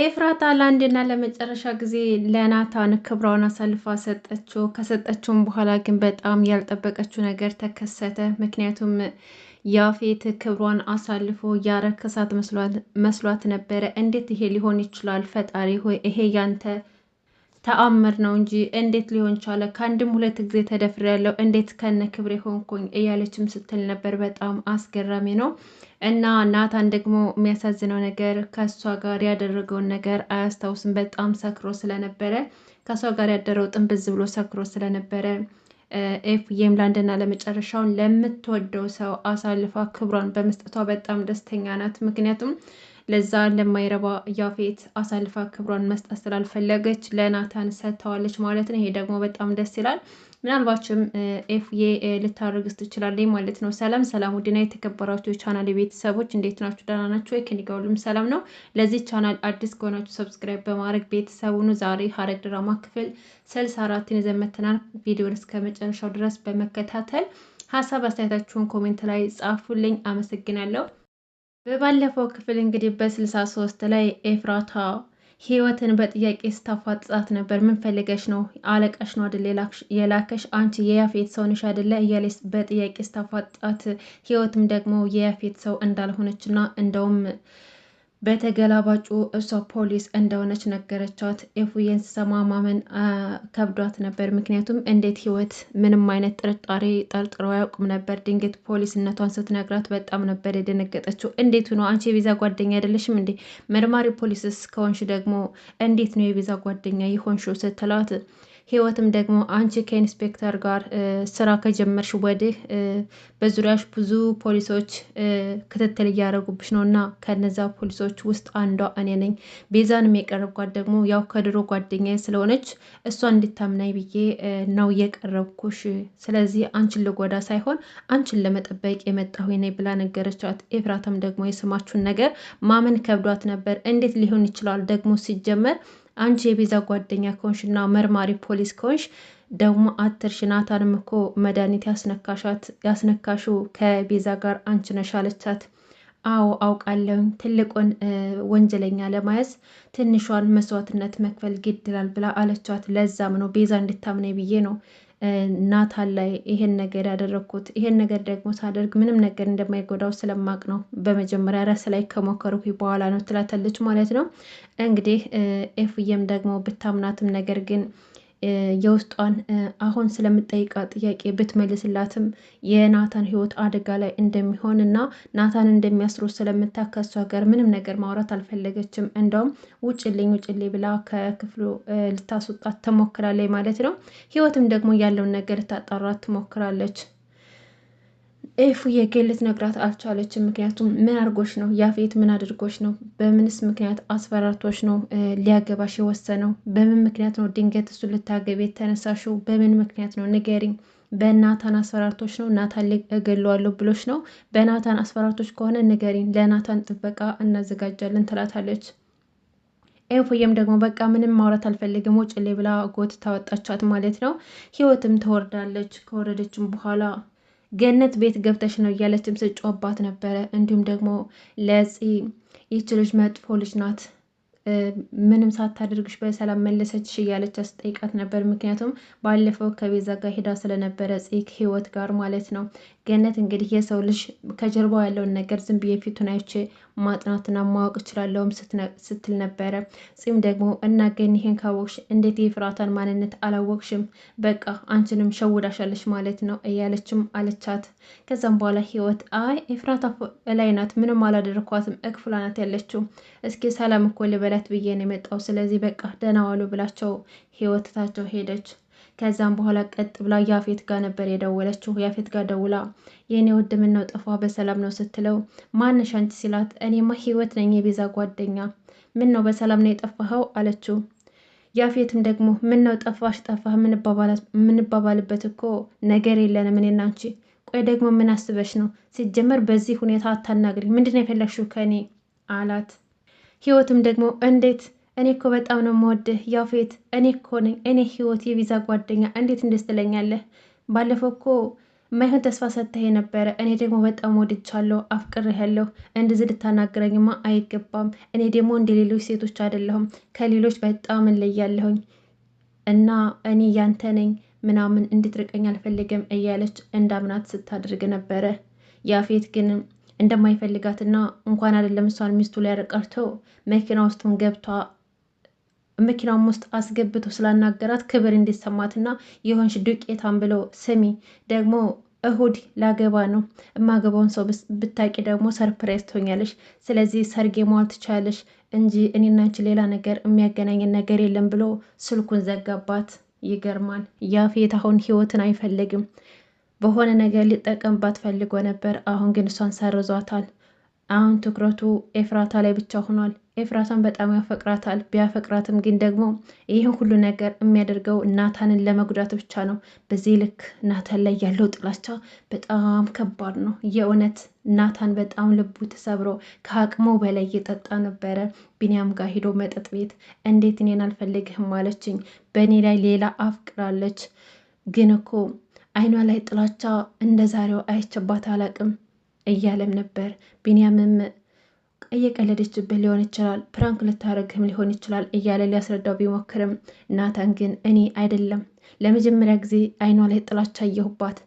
ኤፍራታ ለአንድና ለመጨረሻ ጊዜ ለናታን ክብሯን አሳልፋ ሰጠችው። ከሰጠችውም በኋላ ግን በጣም ያልጠበቀችው ነገር ተከሰተ። ምክንያቱም ያፌት ክብሯን አሳልፎ ያረከሳት መስሏት ነበረ። እንዴት ይሄ ሊሆን ይችላል? ፈጣሪ ሆይ ይሄ ያንተ ተአምር ነው እንጂ እንዴት ሊሆን ቻለ? ከአንድም ሁለት ጊዜ ተደፍር ያለው እንዴት ከነ ክብሬ ሆንኩኝ እያለችም ስትል ነበር። በጣም አስገራሚ ነው። እና ናታን ደግሞ የሚያሳዝነው ነገር ከእሷ ጋር ያደረገውን ነገር አያስታውስም። በጣም ሰክሮ ስለነበረ ከእሷ ጋር ያደረው ጥንብዝ ብሎ ሰክሮ ስለነበረ ኤፍዬም ለአንድና ለመጨረሻውን ለምትወደው ሰው አሳልፋ ክብሯን በመስጠቷ በጣም ደስተኛ ናት። ምክንያቱም ለዛ ለማይረባ ያፌት አሳልፋ ክብሯን መስጠት ስላልፈለገች ለናታን ሰጥተዋለች ማለት ነው። ይሄ ደግሞ በጣም ደስ ይላል። ምናልባችም ኤፍዬ ልታደርግስ ትችላለች ማለት ነው። ሰላም ሰላም፣ ውድና የተከበራችሁ ቻናል ቤተሰቦች እንዴት ናችሁ? ደህና ናችሁ ወይ? ከእኔ ጋር ሁሉም ሰላም ነው። ለዚህ ቻናል አዲስ ከሆናችሁ ሰብስክራይብ በማድረግ ቤተሰቡኑ ዛሬ ሐረግ ድራማ ክፍል ስልሳ አራትን ይዘን መጥተናል። ቪዲዮን እስከ መጨረሻው ድረስ በመከታተል ሀሳብ አስተያየታችሁን ኮሜንት ላይ ጻፉልኝ። አመሰግናለሁ። በባለፈው ክፍል እንግዲህ በስልሳ ሶስት ላይ ኤፍራታ ህይወትን በጥያቄ ስታፋጥጣት ነበር። ምን ፈልገሽ ነው? አለቃሽ ነው አደለ የላከሽ? አንቺ የያፌት ሰው ነሽ አደለ እያለ በጥያቄ ስታፋጥጣት፣ ህይወትም ደግሞ የያፌት ሰው እንዳልሆነችና እንደውም በተገላባጩ እሷ ፖሊስ እንደሆነች ነገረቻት። ኤፉዬን ስሰማ ማመን ከብዷት ነበር። ምክንያቱም እንዴት ህይወት ምንም አይነት ጥርጣሬ ጠርጥሮ ያውቅም ነበር። ድንገት ፖሊስነቷን ስትነግራት በጣም ነበር የደነገጠችው። እንዴት ነው አንቺ የቪዛ ጓደኛ አይደለሽም እንዴ? መርማሪ ፖሊስስ ከሆንሽ ደግሞ እንዴት ነው የቪዛ ጓደኛ የሆንሽው? ስትላት ህይወትም ደግሞ አንቺ ከኢንስፔክተር ጋር ስራ ከጀመርሽ ወዲህ በዙሪያሽ ብዙ ፖሊሶች ክትትል እያደረጉብሽ ነው እና ከነዛ ፖሊሶች ውስጥ አንዷ እኔ ነኝ። ቤዛንም የቀረብኳት ደግሞ ያው ከድሮ ጓደኛ ስለሆነች እሷ እንድታምናይ ብዬ ነው የቀረብኩሽ። ስለዚህ አንቺን ልጎዳ ሳይሆን አንቺን ለመጠበቅ የመጣሁ ነኝ ብላ ነገረቻት። ኤፍራታም ደግሞ የስማችሁን ነገር ማመን ከብዷት ነበር። እንዴት ሊሆን ይችላል ደግሞ ሲጀመር አንቺ የቤዛ ጓደኛ ከሆንሽና መርማሪ ፖሊስ ከሆንሽ ደግሞ አትርሽ፣ ናታንም እኮ መድኃኒት ያስነካሻት ያስነካሹ ከቤዛ ጋር አንቺ ነሽ አለቻት። አዎ አውቃለሁ፣ ትልቁን ወንጀለኛ ለማያዝ ትንሿን መስዋዕትነት መክፈል ግድላል ብላ አለቻት። ለዛም ነው ቤዛ እንድታምነ ብዬ ነው ናታን ላይ ይሄን ነገር ያደረግኩት ይሄን ነገር ደግሞ ሳደርግ ምንም ነገር እንደማይጎዳው ስለማቅ ነው፣ በመጀመሪያ ራስ ላይ ከሞከርኩ በኋላ ነው ትላታለች ማለት ነው። እንግዲህ ኤፍዬም ደግሞ ብታምናትም ነገር ግን የውስጧን አሁን ስለምጠይቃ ጥያቄ ብትመልስላትም የናታን ህይወት አደጋ ላይ እንደሚሆን እና ናታን እንደሚያስሩ ስለምታከሱ ሀገር ምንም ነገር ማውራት አልፈለገችም። እንደውም ውጭልኝ ውጭልኝ ብላ ከክፍሉ ልታስወጣት ትሞክራለች ማለት ነው። ህይወትም ደግሞ ያለውን ነገር ታጣራት ትሞክራለች። ኤፉዬ ግን ልትነግራት አልቻለችም። ምክንያቱም ምን አድርጎች ነው ያፌት፣ ምን አድርጎች ነው፣ በምንስ ምክንያት አስፈራርቶች ነው ሊያገባሽ የወሰነው? በምን ምክንያት ነው ድንገት እሱ ልታገቢ የተነሳሽው? በምን ምክንያት ነው ንገሪኝ። በናታን አስፈራርቶች ነው? ናታን እገለዋለሁ ብሎች ነው? በናታን አስፈራርቶች ከሆነ ንገሪኝ፣ ለናታን ጥበቃ እናዘጋጃለን ትላታለች። ኤፉዬም ደግሞ በቃ ምንም ማውራት አልፈልግም ውጭ ላይ ብላ ጎት ታወጣቻት ማለት ነው። ህይወትም ትወርዳለች። ከወረደችም በኋላ ገነት ቤት ገብተሽ ነው እያለችም ስጮባት ነበረ። እንዲሁም ደግሞ ለፂ ይች ልጅ መጥፎ ልጅ ናት ምንም ሳታደርግሽ በሰላም መለሰችሽ እያለች አስጠይቃት ነበር። ምክንያቱም ባለፈው ከቤዛ ጋር ሄዳ ስለነበረ ጽቅ ህይወት ጋር ማለት ነው። ገነት እንግዲህ የሰው ልጅ ከጀርባው ያለውን ነገር ዝም ብዬ ፊቱን አይቼ ማጥናትና ማወቅ እችላለሁም ስትል ነበረ። ጽም ደግሞ እና ገን ይሄን ካወቅሽ እንዴት የፍራታን ማንነት አላወቅሽም? በቃ አንቺንም ሸውዳሻለች ማለት ነው እያለችም አለቻት። ከዛም በኋላ ህይወት አይ የፍራታ ላይ ናት፣ ምንም አላደረኳትም፣ እክፍላ ናት ያለችው። እስኪ ሰላም እኮ ልበላ ልላለት ብዬ ነው የመጣው። ስለዚህ በቃ ደህና ዋሉ ብላቸው ህይወትታቸው ሄደች። ከዛም በኋላ ቀጥ ብላ ያፌት ጋር ነበር የደወለችው። ያፌት ጋር ደውላ የእኔ ውድ ምነው ጠፋ በሰላም ነው ስትለው ማንሽ አንቺ ሲላት እኔማ ህይወት ነኝ የቤዛ ጓደኛ፣ ምን ነው በሰላም ነው የጠፋኸው አለችው። ያፌትም ደግሞ ምን ነው ጠፋሽ ጠፋህ የምንባባልበት እኮ ነገር የለንም እኔና አንቺ። ቆይ ደግሞ ምን አስበሽ ነው ሲጀመር በዚህ ሁኔታ አታናግሪ። ምንድን ነው የፈለግሽው ከእኔ አላት። ህይወትም ደግሞ እንዴት እኔ እኮ በጣም ነው የምወድህ ያፌት፣ እኔ እኮ ነኝ እኔ ህይወት የቪዛ ጓደኛ፣ እንዴት እንደስ ትለኛለህ? ባለፈው እኮ ማይሆን ተስፋ ሰጥተህ የነበረ እኔ ደግሞ በጣም ወድቻለሁ፣ አፍቅሬያለሁ። እንደዚህ ልታናግረኝማ አይገባም። እኔ ደግሞ እንደ ሌሎች ሴቶች አይደለሁም፣ ከሌሎች በጣም እንለያለሁኝ እና እኔ ያንተ ነኝ ምናምን እንድትርቀኝ አልፈልግም እያለች እንዳምናት ስታደርግ ነበረ። ያፌት ግን እንደማይፈልጋትና እንኳን አይደለም እሷን ሚስቱ ላይ ቀርቶ መኪና ውስጥም ገብቷ መኪናም ውስጥ አስገብቶ ስላናገራት ክብር እንዲሰማትና የሆንሽ ዱቄታም ብሎ ስሚ ደግሞ እሁድ ላገባ ነው። የማገባውን ሰው ብታቂ ደግሞ ሰርፕራይዝ ትሆኛለሽ። ስለዚህ ሰርጌ መዋል ትቻለሽ እንጂ እኔናንች ሌላ ነገር የሚያገናኝን ነገር የለም ብሎ ስልኩን ዘጋባት። ይገርማል። ያፌት አሁን ህይወትን አይፈልግም። በሆነ ነገር ሊጠቀምባት ፈልጎ ነበር። አሁን ግን እሷን ሰርዟታል። አሁን ትኩረቱ ኤፍራታ ላይ ብቻ ሆኗል። ኤፍራታን በጣም ያፈቅራታል። ቢያፈቅራትም ግን ደግሞ ይህን ሁሉ ነገር የሚያደርገው ናታንን ለመጉዳት ብቻ ነው። በዚህ ልክ ናታን ላይ ያለው ጥላቻ በጣም ከባድ ነው። የእውነት ናታን በጣም ልቡ ተሰብሮ ከአቅሙ በላይ እየጠጣ ነበረ። ቢንያም ጋር ሂዶ መጠጥ ቤት እንዴት እኔን አልፈልግህም አለችኝ፣ በእኔ ላይ ሌላ አፍቅራለች ግን እኮ አይኗ ላይ ጥላቻ እንደ ዛሬው አይቼባት አላቅም እያለም ነበር። ቢንያምም እየቀለደችብህ ሊሆን ይችላል፣ ፕራንክ ልታረግህም ሊሆን ይችላል እያለ ሊያስረዳው ቢሞክርም ናታን ግን እኔ አይደለም ለመጀመሪያ ጊዜ አይኗ ላይ ጥላቻ አየሁባት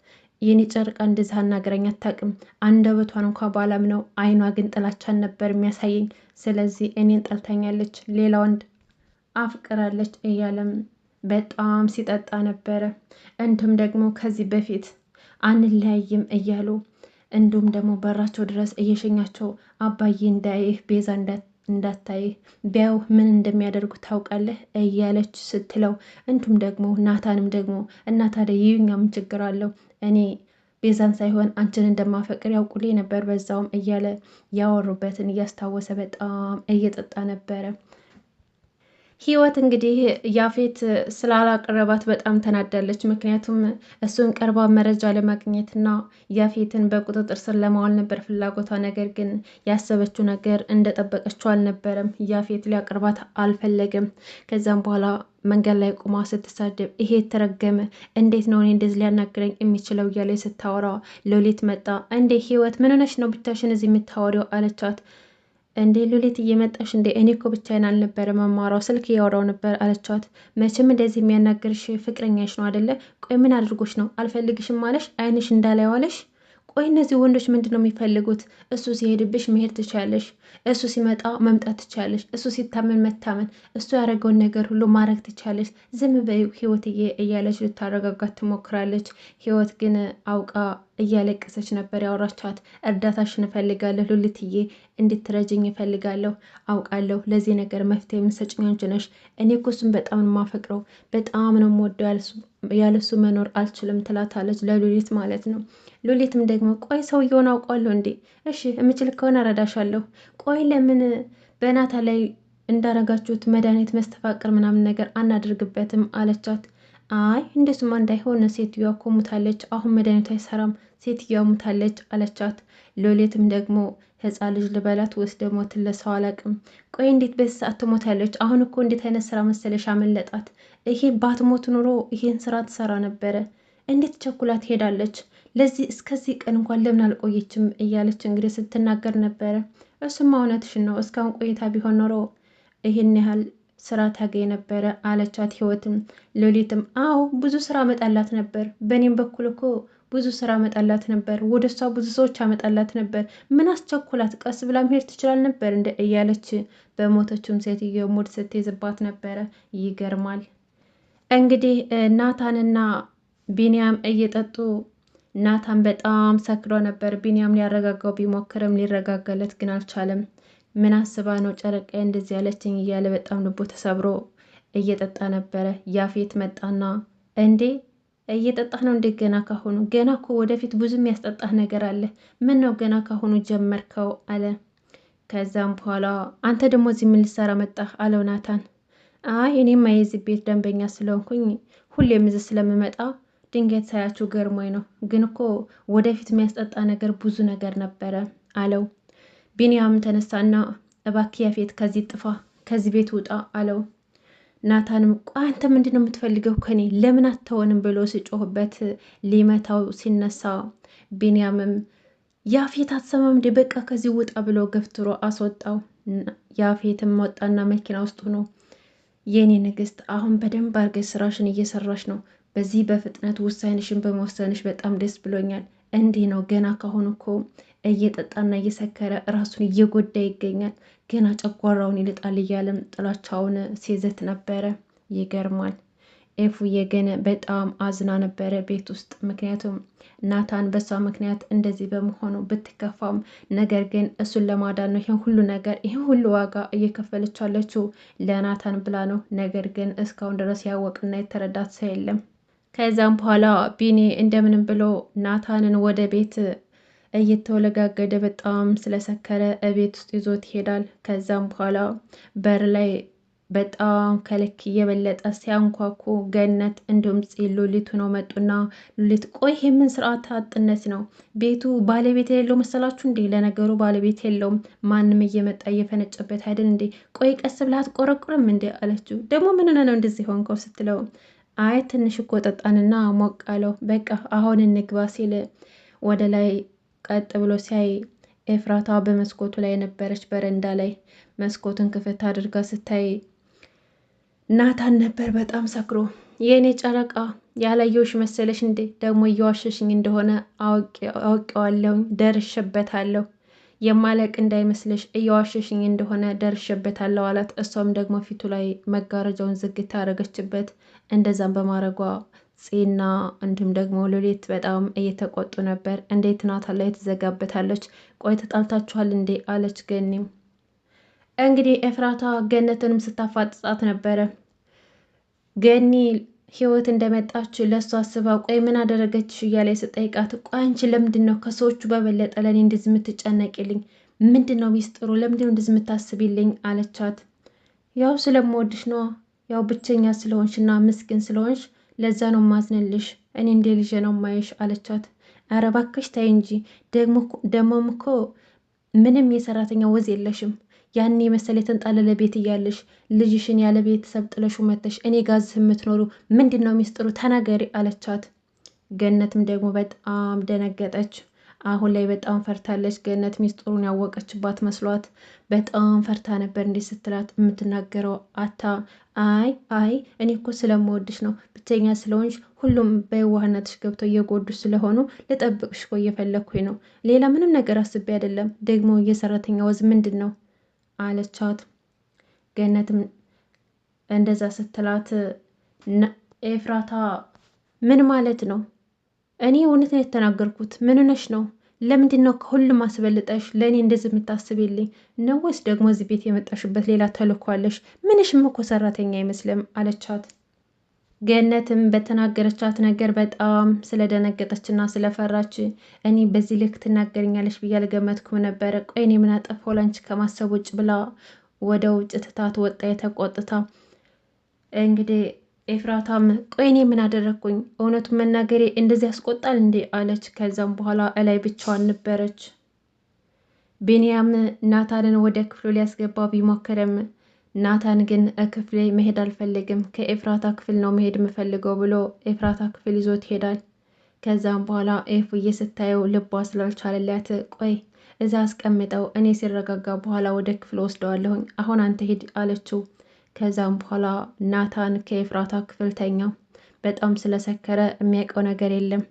የኔ ጨርቃ እንደዚህ አናገረኝ አታውቅም። አንደበቷን እንኳ ባላም ነው አይኗ ግን ጥላቻን ነበር የሚያሳየኝ። ስለዚህ እኔን ጠልታኛለች፣ ሌላ ወንድ አፍቅራለች እያለም በጣም ሲጠጣ ነበረ። እንዲሁም ደግሞ ከዚህ በፊት አንለያይም እያሉ እንዲሁም ደግሞ በራቸው ድረስ እየሸኛቸው አባዬ እንዳይህ ቤዛ እንዳታይህ ቢያው ምን እንደሚያደርጉ ታውቃለህ እያለች ስትለው እንዲሁም ደግሞ ናታንም ደግሞ እናታ ይዩኛ ምን ችግር አለው እኔ ቤዛን ሳይሆን አንቺን እንደማፈቅር ያውቁሌ ነበር በዛውም እያለ ያወሩበትን እያስታወሰ በጣም እየጠጣ ነበረ። ህይወት እንግዲህ ያፌት ስላላቀረባት በጣም ተናዳለች። ምክንያቱም እሱን ቀርባ መረጃ ለማግኘትና ያፌትን በቁጥጥር ስር ለማዋል ነበር ፍላጎቷ። ነገር ግን ያሰበችው ነገር እንደጠበቀችው አልነበረም። ያፌት ሊያቀርባት አልፈለገም። ከዛም በኋላ መንገድ ላይ ቁማ ስትሳደብ ይሄ የተረገመ እንዴት ነው እኔ እንደዚህ ሊያናግረኝ የሚችለው እያለ ስታወራ ሎሊት መጣ። እንዴ ህይወት ምን ሆነሽ ነው ብቻሽን እዚህ የምታወሪው? አለቻት እንዴ ሉሊት እየመጣሽ እንዴ? እኔ እኮ ብቻዬን አልነበረ መማራው ስልክ እያወራው ነበር አለቻት። መቼም እንደዚህ የሚያናግርሽ ፍቅረኛሽ ነው አደለ? ቆይ ምን አድርጎሽ ነው አልፈልግሽም አለሽ? አይንሽ እንዳላይ ዋለሽ? ቆይ እነዚህ ወንዶች ምንድን ነው የሚፈልጉት? እሱ ሲሄድብሽ መሄድ ትቻለሽ፣ እሱ ሲመጣ መምጣት ትቻለሽ፣ እሱ ሲታመን መታመን፣ እሱ ያደረገውን ነገር ሁሉ ማድረግ ትቻለሽ፣ ዝም በይው ህይወትዬ እያለች ልታረጋጋት ትሞክራለች። ህይወት ግን አውቃ እያለቀሰች ነበር ያወራቻት። እርዳታሽን እፈልጋለሁ ሉሊትዬ፣ እንድትረጅኝ እፈልጋለሁ። አውቃለሁ ለዚህ ነገር መፍትሄ የምትሰጭኝ አንቺ ነሽ። እኔ እኮ እሱን በጣም ነው የማፈቅረው፣ በጣም ነው የምወደው፣ ያለሱ መኖር አልችልም ትላታለች ለሉሊት ማለት ነው። ሎሌትም ደግሞ ቆይ ሰውየውን አውቀዋለሁ እንዴ? እሺ የምችል ከሆነ እረዳሻለሁ። ቆይ ለምን በናታ ላይ እንዳረጋችሁት መድኃኒት መስተፋቅር ምናምን ነገር አናድርግበትም አለቻት። አይ እንደሱማ እንዳይሆነ ሴትዮዋ እኮ ሙታለች። አሁን መድኃኒቱ አይሰራም፣ ሴትዮዋ ሙታለች አለቻት። ሎሌትም ደግሞ ሕፃን ልጅ ልበላት ወይስ ደግሞ ትለሰው አላቅም። ቆይ እንዴት በዚህ ሰዓት ትሞታለች? አሁን እኮ እንዴት አይነት ስራ መሰለሽ አመለጣት። ይሄ ባትሞት ኑሮ ይሄን ስራ ትሰራ ነበረ። እንዴት ቸኩላ ትሄዳለች? ለዚህ እስከዚህ ቀን እንኳን ለምን አልቆየችም እያለች እንግዲህ ስትናገር ነበረ። እሱማ እውነትሽን ነው፣ እስካሁን ቆይታ ቢሆን ኖሮ ይህን ያህል ስራ ታገኝ ነበረ አለቻት ህይወትም። ሎሊትም አዎ ብዙ ስራ አመጣላት ነበር፣ በእኔም በኩል እኮ ብዙ ስራ አመጣላት ነበር፣ ወደ እሷ ብዙ ሰዎች አመጣላት ነበር። ምን አስቸኩላት? ቀስ ብላ መሄድ ትችላል ነበር እንደ እያለች በሞተችም ሴትዮ ሙድ ስትይዝባት ነበረ። ይገርማል እንግዲህ ናታንና ቢንያም እየጠጡ ናታን በጣም ሰክሮ ነበር። ቢንያም ሊያረጋጋው ቢሞክርም ሊረጋጋለት ግን አልቻለም። ምን አስባ ነው ጨረቃ እንደዚህ ያለችኝ እያለ በጣም ልቦ ተሰብሮ እየጠጣ ነበረ። ያፌት መጣና እንዴ እየጠጣህ ነው እንዴ? ገና ካሁኑ ገና እኮ ወደፊት ብዙ የሚያስጠጣህ ነገር አለ። ምን ነው ገና ካሁኑ ጀመርከው? አለ። ከዛም በኋላ አንተ ደግሞ እዚህ ምን ልሰራ መጣህ? አለው ናታን። አይ እኔም የዚህ ቤት ደንበኛ ስለሆንኩኝ ሁሌም እዚህ ስለምመጣ ድንገት ሳያችሁ ገርሞኝ ነው፣ ግን እኮ ወደፊት የሚያስጠጣ ነገር ብዙ ነገር ነበረ አለው። ቢንያም ተነሳና እባክህ ያፌት ከዚህ ጥፋ፣ ከዚህ ቤት ውጣ አለው። ናታንም አንተ ምንድን ነው የምትፈልገው ከኔ ለምን አትተወንም ብሎ ሲጮህበት ሊመታው ሲነሳ ቢንያምም ያፌት አትሰማም እንዴ በቃ ከዚህ ውጣ ብሎ ገፍትሮ አስወጣው። ያፌትም ወጣና መኪና ውስጥ ሆኖ የእኔ ንግስት፣ አሁን በደንብ አድርገሽ ስራሽን እየሰራሽ ነው በዚህ በፍጥነት ውሳኔሽን በመወሰንሽ በጣም ደስ ብሎኛል። እንዲህ ነው ገና ካሁን እኮ እየጠጣና እየሰከረ ራሱን እየጎዳ ይገኛል። ገና ጨጓራውን ይልጣል እያለም ጥላቻውን ሲዘት ነበረ። ይገርማል። ኤፉዬ ግን በጣም አዝና ነበረ ቤት ውስጥ ምክንያቱም ናታን በሷ ምክንያት እንደዚህ በመሆኑ ብትከፋም፣ ነገር ግን እሱን ለማዳን ነው ይህን ሁሉ ነገር ይህን ሁሉ ዋጋ እየከፈለች ያለችው ለናታን ብላ ነው። ነገር ግን እስካሁን ድረስ ያወቅና የተረዳት ሰው የለም። ከዛም በኋላ ቢኒ እንደምንም ብሎ ናታንን ወደ ቤት እየተወለጋገደ በጣም ስለሰከረ እቤት ውስጥ ይዞት ይሄዳል። ከዛም በኋላ በር ላይ በጣም ከልክ እየበለጠ ሲያንኳኩ ገነት እንዲሁም ሉሊት ነው መጡና፣ ሉሊት ቆይ የምን ስርዓት አጥነት ነው? ቤቱ ባለቤት የሌለው መሰላችሁ እንዴ? ለነገሩ ባለቤት የለውም፣ ማንም እየመጣ እየፈነጨበት አይደል እንዴ? ቆይ ቀስ ብለህ አትቆረቁርም እንዴ አለችው። ደግሞ ምን ነው እንደዚህ ሆንከው ስትለው አይ ትንሽ እኮ ጠጣንና ሞቅ አለው፣ በቃ አሁን እንግባ ሲል ወደ ላይ ቀጥ ብሎ ሲያይ ኤፍራታ በመስኮቱ ላይ ነበረች። በረንዳ ላይ መስኮቱን ክፍት አድርጋ ስታይ ናታን ነበር በጣም ሰክሮ። የእኔ ጨረቃ ያላየሁሽ መሰለሽ እንዴ? ደግሞ እየዋሸሽኝ እንደሆነ አውቄዋለሁ፣ ደርሼበታለሁ። የማለቅ እንዳይመስልሽ እየዋሸሽኝ እንደሆነ ደርሼበታለሁ አላት። እሷም ደግሞ ፊቱ ላይ መጋረጃውን ዝግት ያደረገችበት። እንደዛም በማድረጓ ጽና እንዲሁም ደግሞ ሉሊት በጣም እየተቆጡ ነበር። እንዴት ናታን ላይ ትዘጋበታለች? ቆይ ተጣልታችኋል እንዴ? አለች ገኒም። እንግዲህ ኤፍራታ ገነትንም ስታፋጥጣት ነበረ ገኒ ህይወት እንደመጣች ለእሱ አስባ ቆይ ምን አደረገችሽ እያለ ስጠይቃት ቆይ አንቺ ለምንድን ነው ከሰዎቹ በበለጠ ለእኔ እንደዚህ የምትጨነቂልኝ? ምንድን ነው ሚስጥሩ? ለምንድን ነው እንደዚህ የምታስቢልኝ? አለቻት። ያው ስለምወድሽ ነው። ያው ብቸኛ ስለሆንሽ እና ምስኪን ስለሆንሽ ለዛ ነው ማዝንልሽ፣ እኔ እንደ ልጄ ነው ማየሽ አለቻት። ኧረ እባክሽ ተይ እንጂ ደግሞም እኮ ምንም የሰራተኛ ወዝ የለሽም ያኔ መሰል የተንጣለለ ቤት እያለሽ ልጅሽን ያለ ቤተሰብ ጥለሹ መተሽ እኔ ጋዝህ የምትኖሩ ምንድን ነው ሚስጥሩ ተናገሪ አለቻት። ገነትም ደግሞ በጣም ደነገጠች። አሁን ላይ በጣም ፈርታለች። ገነት ሚስጥሩን ያወቀችባት መስሏት በጣም ፈርታ ነበር። እንዴት ስትላት የምትናገረው አታ አይ አይ እኔ እኮ ስለምወድሽ ነው ብቸኛ ስለሆንሽ ሁሉም በየዋህነትሽ ገብተው እየጎዱሽ ስለሆኑ ልጠብቅሽ እኮ እየፈለግኩኝ ነው። ሌላ ምንም ነገር አስቤ አይደለም። ደግሞ የሰራተኛ ወዝ ምንድን ነው? አለቻት። ገነትም እንደዛ ስትላት ኤፍራታ ምን ማለት ነው? እኔ እውነት ነው የተናገርኩት። ምን ነሽ ነው? ለምንድን ነው ከሁሉም አስበልጠሽ ለእኔ እንደዚህ የምታስብልኝ ነው? ወይስ ደግሞ እዚህ ቤት የመጣሽበት ሌላ ተልኳለሽ? ምንሽ ምንሽም እኮ ሰራተኛ አይመስልም አለቻት። ገነትም በተናገረቻት ነገር በጣም ስለደነገጠች እና ስለፈራች እኔ በዚህ ልክ ትናገርኛለች ብዬ አልገመትኩም ነበረ። ቆይ እኔ ምን አጠፋሁ ላንቺ ከማሰብ ውጭ ብላ ወደ ውጭ ትታት ወጣ የተቆጥታ። እንግዲህ ኤፍራታም ቆይ እኔ ምን አደረግኩኝ? እውነቱን መናገሬ እንደዚህ ያስቆጣል እንዴ? አለች። ከዛም በኋላ እላይ ብቻዋን ነበረች። ቢንያም ናታልን ወደ ክፍሉ ሊያስገባ ቢሞክርም ናታን ግን ክፍሌ መሄድ አልፈልግም፣ ከኤፍራታ ክፍል ነው መሄድ የምፈልገው ብሎ ኤፍራታ ክፍል ይዞት ይሄዳል። ከዛም በኋላ ኤፉዬ ስታየው ልቧ ስላልቻለላት ቆይ እዛ አስቀምጠው እኔ ሲረጋጋ በኋላ ወደ ክፍል ወስደዋለሁኝ፣ አሁን አንተ ሂድ አለችው። ከዛም በኋላ ናታን ከኤፍራታ ክፍል ተኛ። በጣም ስለሰከረ የሚያውቀው ነገር የለም።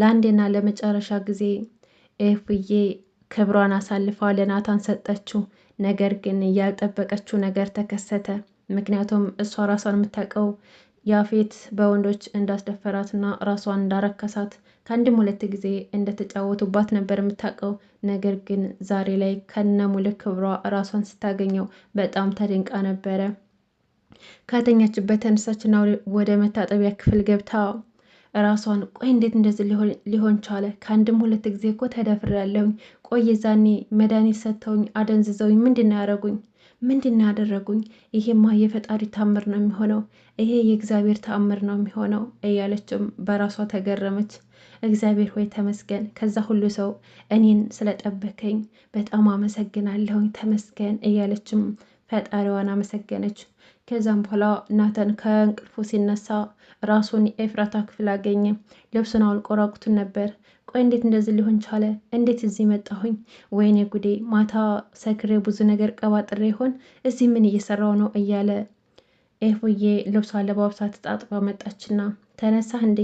ለአንዴና ለመጨረሻ ጊዜ ኤፉዬ ክብሯን አሳልፋ ለናታን ሰጠችው። ነገር ግን ያልጠበቀችው ነገር ተከሰተ። ምክንያቱም እሷ ራሷን የምታውቀው ያፌት በወንዶች እንዳስደፈራትና ራሷን እንዳረከሳት ከአንድም ሁለት ጊዜ እንደተጫወቱባት ነበር የምታውቀው። ነገር ግን ዛሬ ላይ ከነ ሙሉ ክብሯ ራሷን ስታገኘው በጣም ተደንቃ ነበረ። ከተኛችበት ተነሳችና ወደ መታጠቢያ ክፍል ገብታ ራሷን ቆይ እንዴት እንደዚህ ሊሆን ቻለ? ከአንድም ሁለት ጊዜ እኮ ተደፍሬያለሁኝ ቆይ ዛኔ መድኃኒት ሰጥተውኝ አደንዝዘውኝ ምንድን ነው ያደረጉኝ? ምንድን ነው ያደረጉኝ? ይሄማ የፈጣሪ ታምር ነው የሚሆነው፣ ይሄ የእግዚአብሔር ታምር ነው የሚሆነው እያለችም በራሷ ተገረመች። እግዚአብሔር ሆይ ተመስገን፣ ከዛ ሁሉ ሰው እኔን ስለጠበከኝ በጣም አመሰግናለሁኝ፣ ተመስገን እያለችም ፈጣሪዋን አመሰገነች። ከዛም በኋላ ናተን ከእንቅልፉ ሲነሳ ራሱን ኤፍራታ ክፍል አገኘ። ልብሱን አውልቆ ራቁቱን ነበር። ቆይ እንዴት እንደዚህ ሊሆን ቻለ? እንዴት እዚህ መጣሁኝ? ወይኔ ጉዴ! ማታ ሰክሬ ብዙ ነገር ቀባጥሬ ይሆን? እዚህ ምን እየሰራው ነው? እያለ ኤፉዬ ልብሷ ለባብሳ ተጣጥባ መጣችና ተነሳህ እንዴ?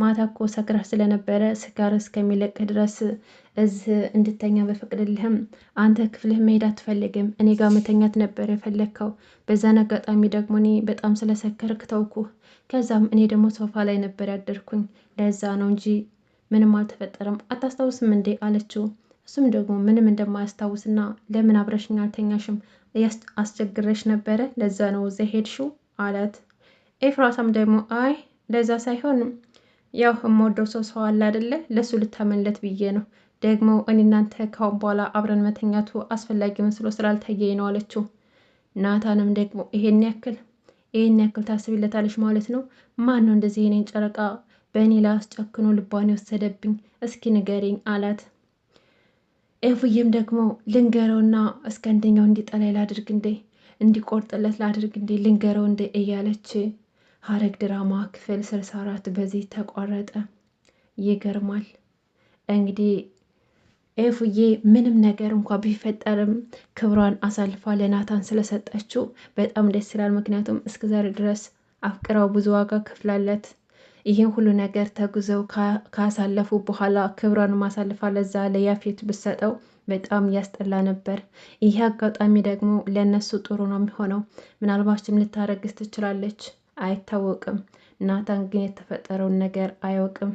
ማታ እኮ ሰክረህ ስለነበረ ስጋር እስከሚለቅ ድረስ እዚህ እንድተኛ በፈቅድልህም አንተ ክፍልህ መሄድ አትፈልግም። እኔ ጋር መተኛት ነበር የፈለግከው። በዛን አጋጣሚ ደግሞ እኔ በጣም ስለሰከርክ ተውኩህ። ከዛም እኔ ደግሞ ሶፋ ላይ ነበር ያደርኩኝ። ለዛ ነው እንጂ ምንም አልተፈጠረም። አታስታውስም እንዴ አለችው። እሱም ደግሞ ምንም እንደማያስታውስና ለምን አብረሽኝ አልተኛሽም? አስቸግረሽ ነበረ፣ ለዛ ነው እዛ ሄድሽው አላት። ኤፍራታም ደግሞ አይ ለዛ ሳይሆን ያው የምወደው ሰው ሰው አለ አይደለ? ለእሱ ልታመንለት ብዬ ነው። ደግሞ እኔ እናንተ ካሁን በኋላ አብረን መተኛቱ አስፈላጊ መስሎ ስላልታየኝ ነው አለችው። ናታንም ደግሞ ይሄን ያክል ይሄን ያክል ታስቢለታለች ማለት ነው? ማን ነው እንደዚህ የኔን ጨረቃ በእኔ ላይ አስጨክኖ ልቧን የወሰደብኝ? እስኪ ንገሪኝ አላት። ኤፉዬም ደግሞ ልንገረውና እስከ አንደኛው እንዲጠላይ ላድርግ እንዴ? እንዲቆርጥለት ላድርግ እንዴ? ልንገረው እንዴ? እያለች ሐረግ ድራማ ክፍል 64 በዚህ ተቋረጠ። ይገርማል እንግዲህ ኤፉዬ ምንም ነገር እንኳ ቢፈጠርም ክብሯን አሳልፋ ለናታን ስለሰጠችው በጣም ደስ ይላል። ምክንያቱም እስከዛሬ ድረስ አፍቅራው ብዙ ዋጋ ክፍላለት ይህን ሁሉ ነገር ተጉዘው ካሳለፉ በኋላ ክብሯን ማሳልፋ ለዛ ለያፌት ብሰጠው በጣም ያስጠላ ነበር። ይህ አጋጣሚ ደግሞ ለእነሱ ጥሩ ነው የሚሆነው። ምናልባችም ልታረግዝ ትችላለች። አይታወቅም። ናታን ግን የተፈጠረውን ነገር አያውቅም።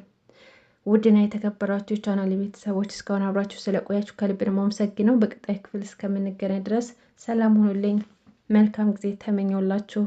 ውድና የተከበራችሁ ቻናል ቤተሰቦች እስካሁን አብራችሁ ስለቆያችሁ ከልብ ነው የማመሰግነው። በቀጣይ ክፍል እስከምንገናኝ ድረስ ሰላም ሁኑልኝ። መልካም ጊዜ ተመኘውላችሁ።